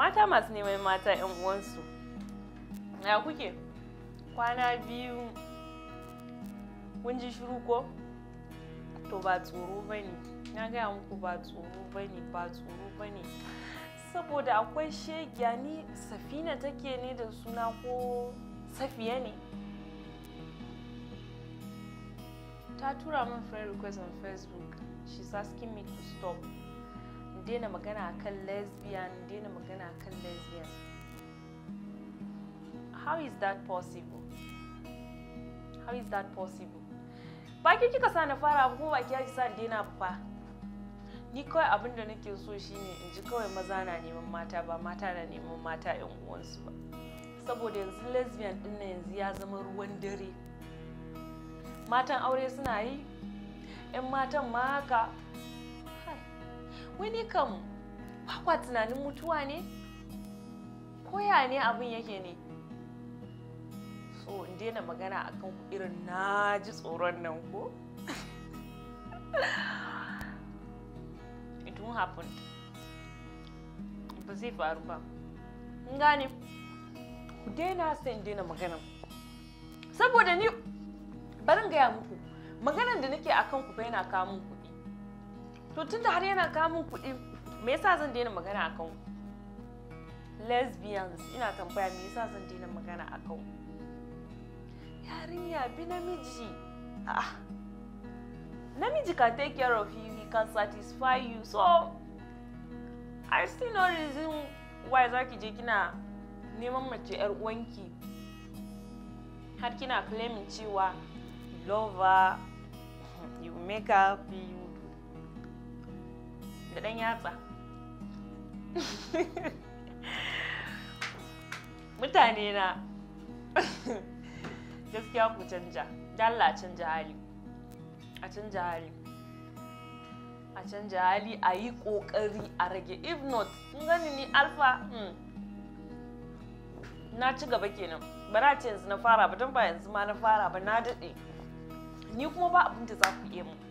mata masu neman mata 'yan uwansu ya kuke kwana biyu kun ji shiru ko to ba tsoro ba ne na gaya muku ba tsoro ba ne ba tsoro ba ne saboda akwai shegiya ni safina take ne da suna ko safiya ne ta tura min friend request on facebook she's asking me to stop daina magana kan lesbian daina magana kan lesbian how is that possible how is that possible ba ki kika sa na fara ko kuma ba ki sa daina ba ni kawai abin da nake so shine in ji kawai maza na neman mata ba mata na neman mata yan uwansu ba saboda yanzu lesbian din nan yanzu ya zama ruwan dare matan aure suna yi 'yan matan ma haka wani kam kwa tunanin mutuwa ne koya ne abin yake ne so in daina magana akan irin na ji tsoron nan ko it won't happen ba zai faru ba in gane ku daina sai in daina magana saboda ni barin gaya muku maganan da nake akan ku bai na kamun ku To tunda har yana kamun kuɗi, me yasa zan daina magana akan lesbians ina tambaya me yasa zan daina magana akan yarinya bi namiji ah namiji can take care of you he can satisfy you so i still no reason why zaki je kina neman mace yar uwanki har kina claiming cewa lover you make up you da ɗan yatsa mutane na gaskiya ku canja dalla a canja hali a canja hali a canja hali a yi ƙoƙari a rage if not kun gani ni alfa hmm. na ci gaba kenan ba na ce yanzu na fara ba don ba yanzu ma na fara ba na daɗe ni kuma ba abin da za ku iya mu